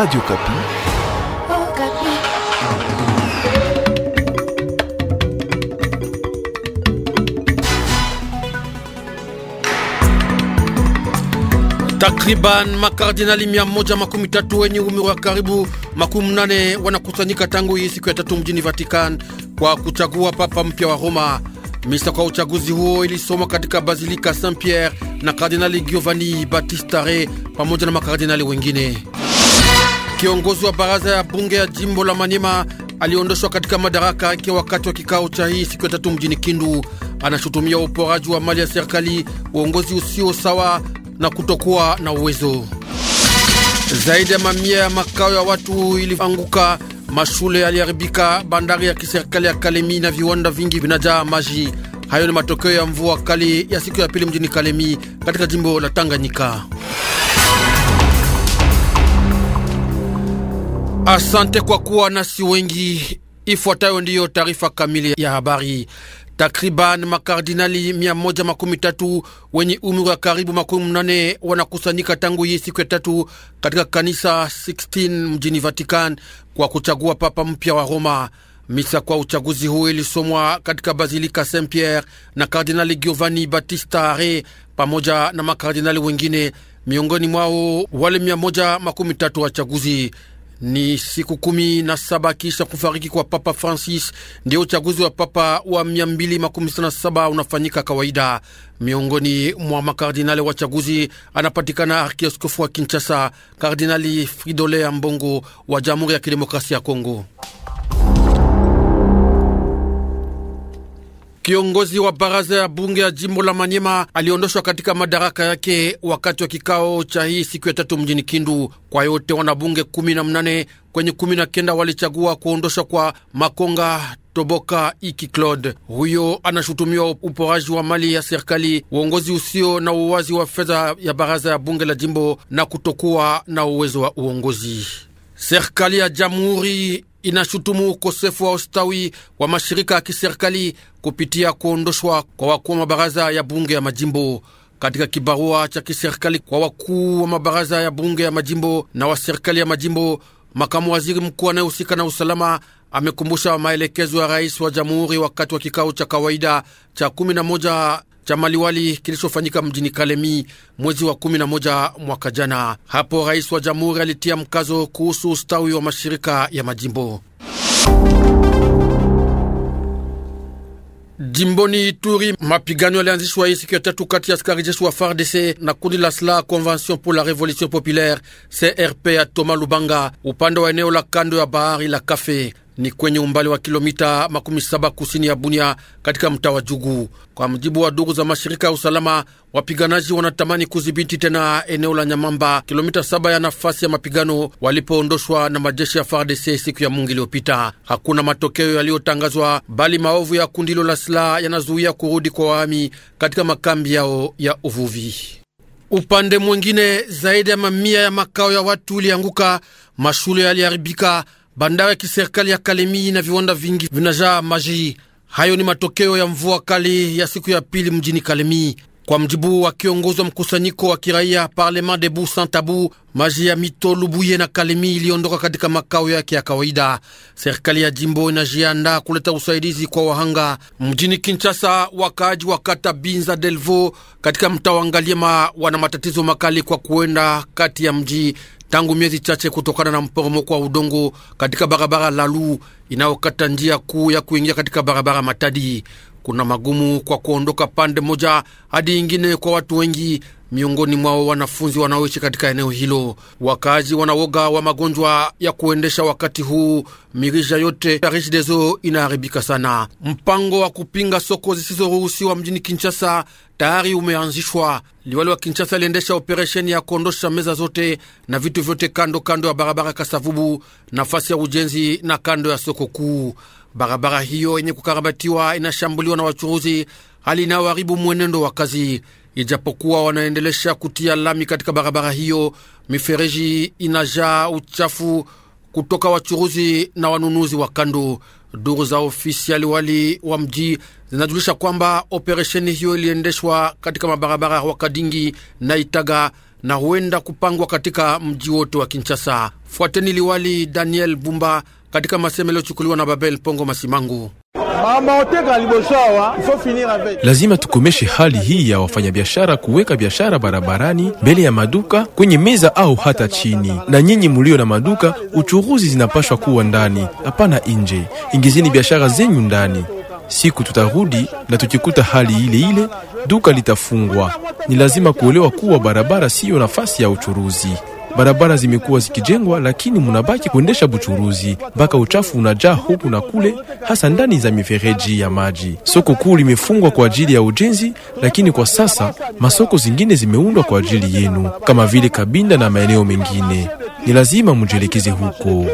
Radio Kapi. Oh, Kapi. Takriban makardinali mia moja makumi tatu wenye umri wa karibu makumi nane wanakusanyika tangu hii siku ya tatu mjini Vatican kwa kuchagua papa mpya wa Roma. Misa kwa uchaguzi huo ilisomwa katika Basilika Saint Pierre na Kardinali Giovanni Battista Re pamoja na makardinali wengine. Kiongozi wa baraza ya bunge ya jimbo la Manyema aliondoshwa katika madaraka yake wakati wa kikao cha hii siku ya tatu mjini Kindu. Anashutumia uporaji wa mali ya serikali, uongozi usio sawa na kutokuwa na uwezo. Zaidi ya mamia ya makao ya watu ilianguka, mashule yaliharibika, bandari ya kiserikali ya Kalemi na viwanda vingi vinajaa maji. Hayo ni matokeo ya mvua kali ya siku ya pili mjini Kalemi katika jimbo la Tanganyika. Asante kwa kuwa nasi wengi. Ifuatayo ndiyo taarifa kamili ya habari. Takriban makardinali 113 wenye umri wa karibu makumi mnane wanakusanyika tangu hii siku ya tatu katika kanisa 16 mjini Vatican kwa kuchagua papa mpya wa Roma. Misa kwa uchaguzi huo ilisomwa katika Bazilika Saint Pierre na Kardinali Giovanni Battista Re pamoja na makardinali wengine, miongoni mwao wale 113 wachaguzi. Ni siku kumi na saba kisha kufariki kwa Papa Francis, ndio uchaguzi wa papa wa saba unafanyika kawaida. Miongoni mwa makardinali wa chaguzi anapatikana arkioskofu wa Kinshasa, Kardinali Fridolin Ambongo wa Jamhuri ya Kidemokrasia ya Kongo. Kiongozi wa baraza ya bunge ya jimbo la Manyema aliondoshwa katika madaraka yake wakati wa kikao cha hii siku ya tatu mjini Kindu. Kwa yote wanabunge kumi na mnane kwenye kumi na kenda walichagua kuondoshwa kwa Makonga Toboka Iki Claude. Huyo anashutumiwa uporaji wa mali ya serikali, uongozi usio na uwazi wa fedha ya baraza ya bunge la jimbo na kutokuwa na uwezo wa uongozi. Serikali ya jamhuri inashutumu ukosefu wa ustawi wa mashirika ya kiserikali kupitia kuondoshwa kwa wakuu wa mabaraza ya bunge ya majimbo. Katika kibarua cha kiserikali kwa wakuu wa mabaraza ya bunge ya majimbo na wa serikali ya majimbo, makamu waziri mkuu anayehusika na usalama amekumbusha maelekezo ya rais wa jamhuri wakati wa kikao cha kawaida cha 11 cha maliwali kilichofanyika mjini Kalemi mwezi wa 11 mwaka jana. Hapo rais wa jamhuri alitia mkazo kuhusu ustawi wa mashirika ya majimbo. Jimboni Ituri, mapigano yalianzishwa hii siku ya tatu kati ya askari jeshi wa FARDC na kundi la SLA Convention pour la Revolution Populaire CRP ya Toma Lubanga, upande wa eneo la kando ya bahari la Kafe ni kwenye umbali wa kilomita makumi saba kusini ya Bunia katika mtaa wa Jugu. Kwa mjibu wa ndugu za mashirika ya usalama, wapiganaji wanatamani kudhibiti tena eneo la Nyamamba, kilomita saba ya nafasi ya mapigano walipoondoshwa na majeshi ya FARDC siku ya Mungu iliyopita. Hakuna matokeo yaliyotangazwa, bali maovu ya kundilo la silaha yanazuia kurudi kwa wahami katika makambi yao ya uvuvi. Upande mwingine, zaidi ya mamia ya makao ya watu ilianguka, mashule yaliharibika bandari ya kiserikali ya Kalemi na viwanda vingi vinajaa maji. Hayo ni matokeo ya mvua kali ya siku ya pili mjini Kalemi. Kwa mjibu wa kiongozi wa mkusanyiko wa kiraia Parlement Debout Sans Tabou, maji ya mito Lubuye na Kalemi iliondoka katika makao yake ya kawaida. Serikali ya jimbo inajiandaa kuleta usaidizi kwa wahanga mjini Kinshasa. Wakaaji wa kata Binza Delvo katika mtaa wa Ngaliema wana matatizo makali kwa kuenda kati ya mji tangu miezi chache kutokana na mporomoko wa udongo katika barabara Lalu inayokata njia kuu ya kuingia katika barabara Matadi kuna magumu kwa kuondoka pande moja hadi ingine kwa watu wengi miongoni mwao wanafunzi wanaoishi katika eneo hilo. Wakazi wanawoga wa magonjwa ya kuendesha wakati huu, mirija yote ya Regideso inaharibika sana. Mpango wa kupinga soko zisizoruhusiwa mjini Kinshasa tayari umeanzishwa. Liwali wa Kinshasa aliendesha operesheni ya kuondosha meza zote na vitu vyote kando kando ya barabara Kasavubu, nafasi ya ujenzi na kando ya soko kuu. Barabara hiyo yenye kukarabatiwa inashambuliwa na wachuruzi, hali inayoharibu mwenendo wa kazi. Ijapokuwa wanaendelesha kutia lami katika barabara hiyo, mifereji inajaa uchafu kutoka wachuruzi na wanunuzi wa kando. Duru za ofisi ya liwali wa mji zinajulisha kwamba operesheni hiyo iliendeshwa katika mabarabara wa Kadingi na Itaga na huenda kupangwa katika mji wote wa Kinshasa. Fuateni liwali Daniel Bumba katika masemelo chukuliwa na Babel Pongo Masimangu. Lazima tukomeshe hali hii ya wafanyabiashara kuweka biashara barabarani, mbele ya maduka, kwenye meza au hata chini. Na nyinyi mulio na maduka, uchuruzi zinapashwa kuwa ndani, hapana nje. Ingizeni biashara zenyu ndani. Siku tutarudi na tukikuta hali ile ile, duka litafungwa. Ni lazima kuelewa kuwa barabara siyo nafasi ya uchuruzi. Barabara zimekuwa zikijengwa, lakini munabaki kuendesha buchuruzi mpaka uchafu unajaa huku na kule, hasa ndani za mifereji ya maji. Soko kuu limefungwa kwa ajili ya ujenzi, lakini kwa sasa masoko zingine zimeundwa kwa ajili yenu, kama vile Kabinda na maeneo mengine. Ni lazima mujielekeze huko.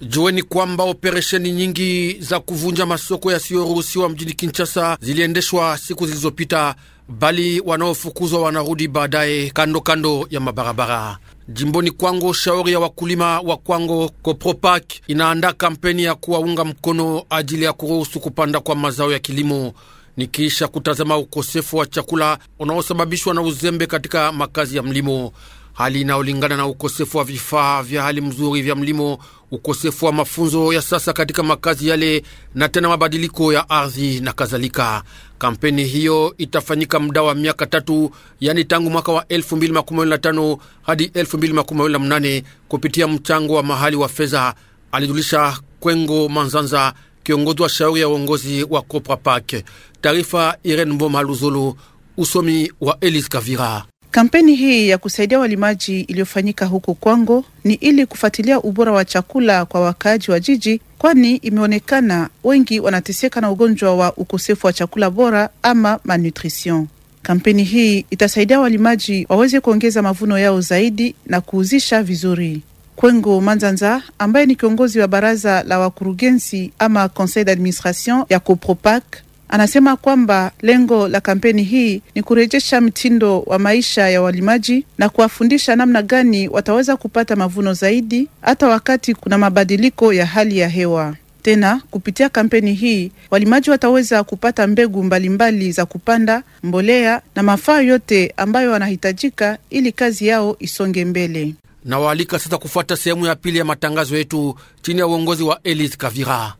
Jueni kwamba operesheni nyingi za kuvunja masoko yasiyoruhusiwa mjini Kinshasa ziliendeshwa siku zilizopita bali wanaofukuzwa wanarudi baadaye kando kando ya mabarabara. Jimboni Kwango, shauri ya wakulima wa Kwango Kopropak inaandaa kampeni ya kuwaunga mkono ajili ya kuruhusu kupanda kwa mazao ya kilimo nikiisha kutazama ukosefu wa chakula unaosababishwa na uzembe katika makazi ya mlimo hali inayolingana na ukosefu wa vifaa vya hali mzuri vya mlimo, ukosefu wa mafunzo ya sasa katika makazi yale, na tena mabadiliko ya ardhi na kadhalika. Kampeni hiyo itafanyika muda wa miaka tatu, yani tangu mwaka wa 2025 hadi 2028 kupitia mchango wa mahali wa fedha, alijulisha Kwengo Manzanza, kiongozi wa shauri ya uongozi wa Coprapak. Taarifa Irene Mboma Luzolo, usomi wa Elise Kavira. Kampeni hii ya kusaidia walimaji iliyofanyika huko Kwango ni ili kufuatilia ubora wa chakula kwa wakaaji wa jiji, kwani imeonekana wengi wanateseka na ugonjwa wa ukosefu wa chakula bora ama malnutrition. Kampeni hii itasaidia walimaji waweze kuongeza mavuno yao zaidi na kuuzisha vizuri. Kwengo Manzanza ambaye ni kiongozi wa baraza la wakurugenzi ama conseil d'administration ya Copropac Anasema kwamba lengo la kampeni hii ni kurejesha mtindo wa maisha ya walimaji na kuwafundisha namna gani wataweza kupata mavuno zaidi hata wakati kuna mabadiliko ya hali ya hewa. Tena kupitia kampeni hii walimaji wataweza kupata mbegu mbalimbali mbali za kupanda, mbolea na mafaa yote ambayo wanahitajika ili kazi yao isonge mbele. Nawaalika sasa kufuata sehemu ya pili ya matangazo yetu chini ya uongozi wa Elise Kavira.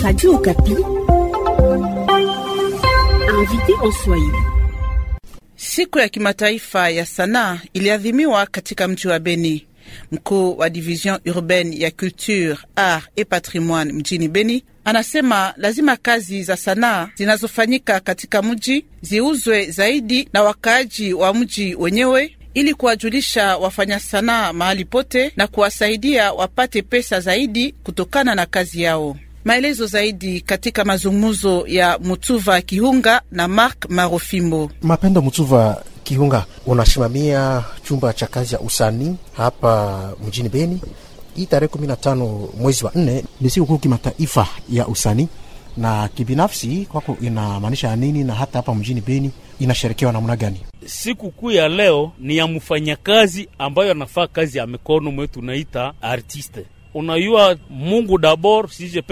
Radio Okapi, invité en Swahili. Siku ya kimataifa ya sanaa iliadhimiwa katika mji wa Beni. Mkuu wa division urbaine ya culture, art et patrimoine mjini Beni anasema lazima kazi za sanaa zinazofanyika katika mji ziuzwe zaidi na wakaaji wa mji wenyewe ili kuwajulisha wafanya sanaa mahali pote na kuwasaidia wapate pesa zaidi kutokana na kazi yao. Maelezo zaidi katika mazungumzo ya Mutuva Kihunga na Mark Marofimbo. Mapendo Mutuva Kihunga, unasimamia chumba cha kazi ya usanii hapa mjini Beni. Hii tarehe kumi na tano mwezi wa nne ni sikukuu kimataifa ya usanii, na kibinafsi kwako inamaanisha nini, na hata hapa mjini Beni inasherekewa namna gani? Siku kuu ya leo ni ya mfanyakazi ambayo anafaa kazi ya mikono mwetu, tunaita artiste unayua Mungu dabor si je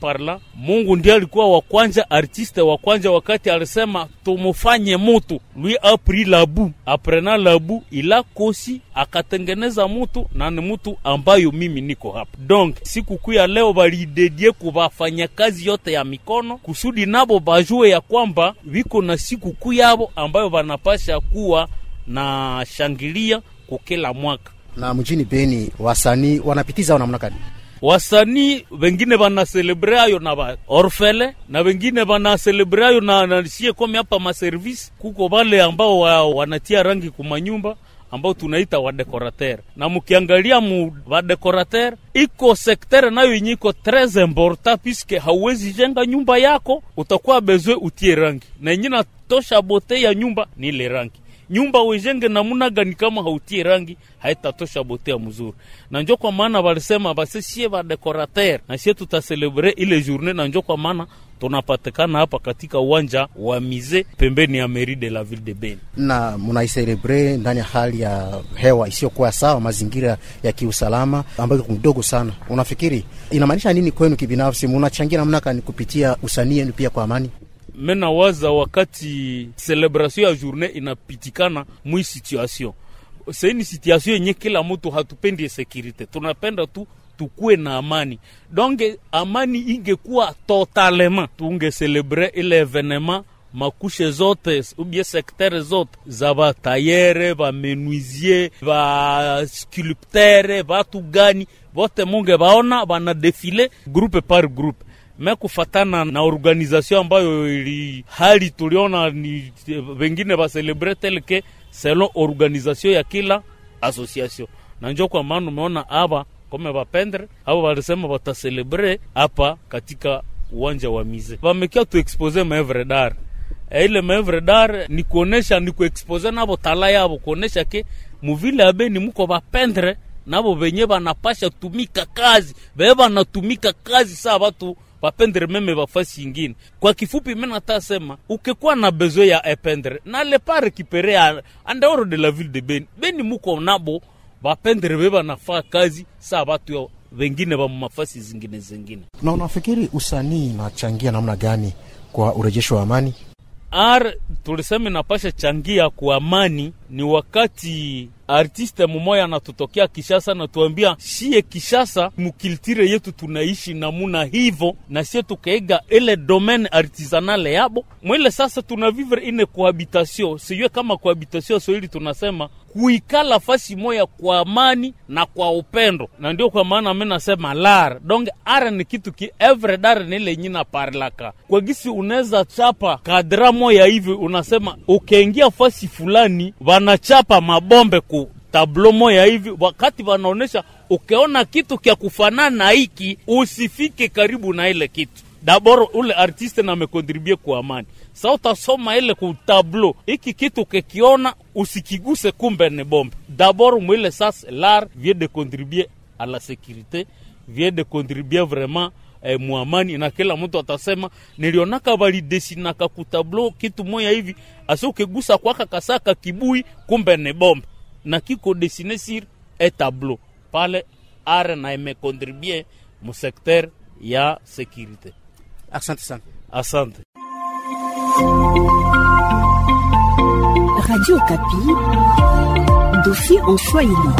parla Mungu ndiye alikuwa wa kwanza artiste wa kwanza, wakati alisema tumufanye mutu, lui apri labu aprena labu ila kosi akatengeneza mutu na ni mutu ambayo mimi niko hapa. Donc siku kuu leo balidedie kubafanya kazi yote ya mikono kusudi nabo bajue ya kwamba wiko na siku kuu yabo ambayo banapasha kuwa na shangilia kukila mwaka na mjini Beni wasanii wanapitiza namna gani? Wasanii wengine ayo na ba orfele na wengine ayo na nasiye kome hapa maservisi. Kuko wale ambao wa, wanatia rangi kumanyumba ambao tunaita wadekorater, na mukiangalia mu wadekorater iko sektere nayo yenye iko tres importa, piske hauwezi jenga nyumba yako utakuwa bezwe utie rangi na yenye natosha bote ya nyumba ni ile rangi nyumba wejenge namuna gani kama hautie rangi haitatosha botea mzuri, na njo kwa maana walisema basi sie ba decorateur na sie tutaselebre ile journée, na njo kwa maana tunapatikana hapa katika uwanja wa Mize pembeni ya mairie de la ville de Beni, na munaiselebre ndani ya hali ya hewa isiyokuwa sawa, mazingira ya kiusalama ambayo mdogo sana. Unafikiri inamaanisha nini kwenu kibinafsi? Munachangia namna gani kupitia usanii yenu pia kwa amani? mena waza wakati celebration ya journée inapitikana mwi situation saini situation yenye kila mtu hatupendi security, tunapenda tu tukue na amani. Donge amani ingekuwa totalema, tungeselebre ile evenema makushe zote ubie sektere zote za batayere bamenuizie basculptere batu gani bote munge baona bana defile grupe par grupe me kufatana na organization ambayo ili hali tuliona ni wengine baselebre leke selon organization ya kila association, na njo kwa maana umeona aba kome bapendre aba balisema bataselebre hapa katika uwanja wa mize, bamekia tuexpose maevre dar e, ile maevre dar ni kuonesha ni kuexpose nabo tala yabo kuonesha ke muvile ni muko bapendre nabo benye banapasha tumika kazi bebe banatumika kazi saa batu wapendre meme wafasi ingine. Kwa kifupi, mimi natasema ukikuwa na bezo ya ependre na le pas récupérer en dehors de la ville de Beni, Beni muko nabo bapendere beba nafaa kazi sa batu yao wengine wa mafasi zingine zingine. Na unafikiri usanii inachangia namna gani kwa urejesho wa amani? Ar tulisema inapasha changia kwa amani ni wakati artiste mumoya anatutokea Kishasa na tuambia shie Kishasa mukiltire yetu tunaishi namuna hivo, na sie tukaiga ile domaine artisanale yabo mwele. Sasa tunavivre ine cohabitation, sijue kama cohabitation Swahili tunasema kuikala fasi moya kwa amani na kwa upendo, na ndio kwa maana mimi nasema lar donc ara ni kitu ki evre dar ni ile na parlaka kwa gisi unaweza chapa kadra moya hivi, unasema ukiingia fasi fulani wanachapa mabombe ku tablo moya hivi, wakati wanaonesha ukiona kitu kya kufanana hiki usifike karibu na ile kitu dabor ule artiste na amekontribue kwa amani. Sa utasoma ile ku tablo iki kitu kekiona usikiguse, kumbe ni bombe. Dabor mwile sas lar vie de contribuer a la sécurité vie de contribuer vraiment eh, muamani na kila mtu atasema nilionaka validesinaka kutablo kitu moya hivi asi ukigusa kwaka kasaka kibui kumbe ni bombe na kiko desine sur e tablo pale are na imekontribue mu sekter ya sécurité Asante sana, asante. Radio Kapi, dofi en Swahili.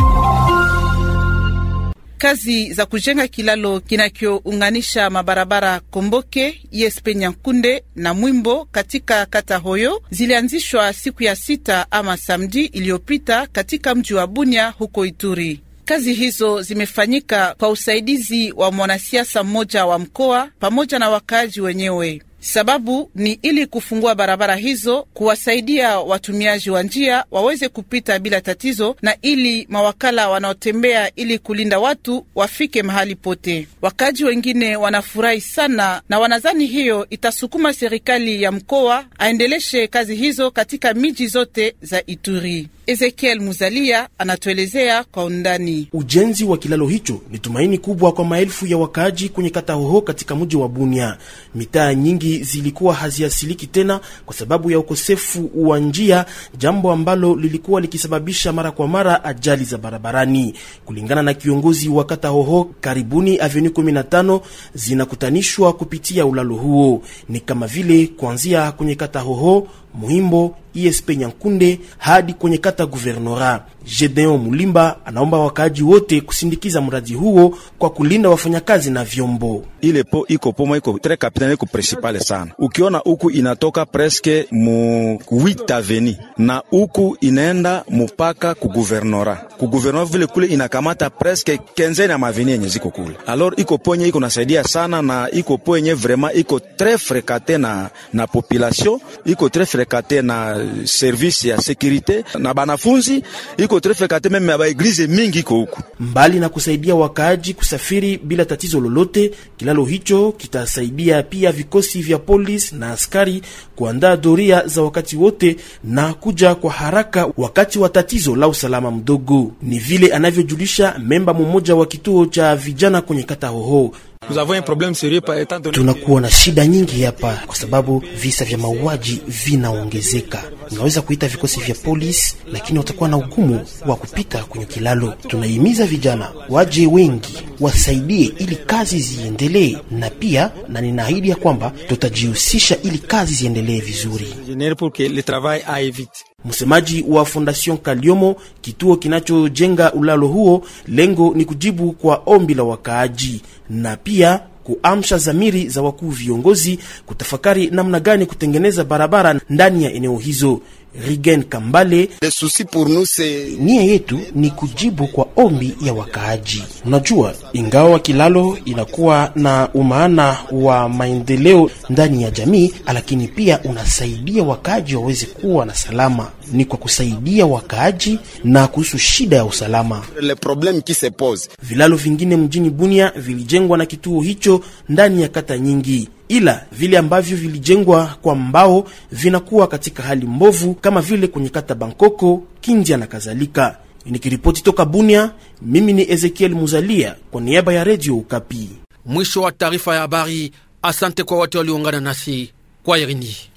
Kazi za kujenga kilalo kinachounganisha mabarabara Komboke, ISP Nyankunde na Mwimbo katika kata Hoyo zilianzishwa siku ya sita ama samdi iliyopita katika mji wa Bunia huko Ituri. Kazi hizo zimefanyika kwa usaidizi wa mwanasiasa mmoja wa mkoa pamoja na wakaaji wenyewe. Sababu ni ili kufungua barabara hizo, kuwasaidia watumiaji wa njia waweze kupita bila tatizo, na ili mawakala wanaotembea ili kulinda watu wafike mahali pote. wakaaji wengine wanafurahi sana na wanadhani hiyo itasukuma serikali ya mkoa aendeleshe kazi hizo katika miji zote za Ituri. Ezekiel Muzalia anatuelezea kwa undani. Ujenzi wa kilalo hicho ni tumaini kubwa kwa maelfu ya wakaaji kwenye kata Hoho katika mji wa Bunia. Mitaa nyingi zilikuwa haziasiliki tena kwa sababu ya ukosefu wa njia, jambo ambalo lilikuwa likisababisha mara kwa mara ajali za barabarani. Kulingana na kiongozi wa kata Hoho, karibuni avenue 15 zinakutanishwa kupitia ulalo huo, ni kama vile kuanzia kwenye kata Hoho Muhimbo, ISP e Nyankunde hadi kwenye kata guvernora. Gedeon Mulimba anaomba wakaaji wote kusindikiza mradi huo kwa kulinda wafanyakazi na vyombo. Ile po iko pomo iko tre kapitale iko principale sana, ukiona huku inatoka preske mu 8 aveni na huku inaenda mupaka ku kuguvernora, vile kule inakamata preske kenzeni ya maveni yenye ziko kule, alor iko ponye iko nasaidia sana, na iko ponye vrema iko tre frekate na, na population iko tre frekate na service ya sekurite na banafunzi iko iko trefe kate meme ya baeglize mingi iko huku. Mbali na kusaidia wakaaji kusafiri bila tatizo lolote, kilalo hicho kitasaidia pia vikosi vya polisi na askari kuandaa doria za wakati wote na kuja kwa haraka wakati wa tatizo la usalama mdogo. Ni vile anavyojulisha memba mmoja wa kituo cha vijana kwenye kata Hoho. Tunakuwa na shida nyingi hapa kwa sababu visa vya mauaji vinaongezeka. Unaweza kuita vikosi vya polisi, lakini watakuwa na ugumu wa kupita kwenye kilalo. Tunahimiza vijana waje wengi wasaidie ili kazi ziendelee, na pia na ninaahidi ya kwamba tutajihusisha ili kazi ziendelee vizuri. Msemaji wa Fondation Kaliomo, kituo kinachojenga ulalo huo, lengo ni kujibu kwa ombi la wakaaji na pia kuamsha zamiri za wakuu viongozi kutafakari namna gani kutengeneza barabara ndani ya eneo hizo. Rigen Kambale, nia yetu ni kujibu kwa ombi ya wakaaji. Unajua, ingawa kilalo inakuwa na umaana wa maendeleo ndani ya jamii, lakini pia unasaidia wakaaji waweze kuwa na salama. Ni kwa kusaidia wakaaji na kuhusu shida ya usalama. Vilalo vingine mjini Bunia vilijengwa na kituo hicho ndani ya kata nyingi ila vile ambavyo vilijengwa kwa mbao vinakuwa katika hali mbovu, kama vile kwenye kata Bankoko, Kindia na kadhalika. Nikiripoti toka Bunia, mimi ni Ezekiel Muzalia kwa niaba ya Redio Ukapi. Mwisho wa taarifa ya habari. Asante kwa wote walioungana nasi kwa Irini.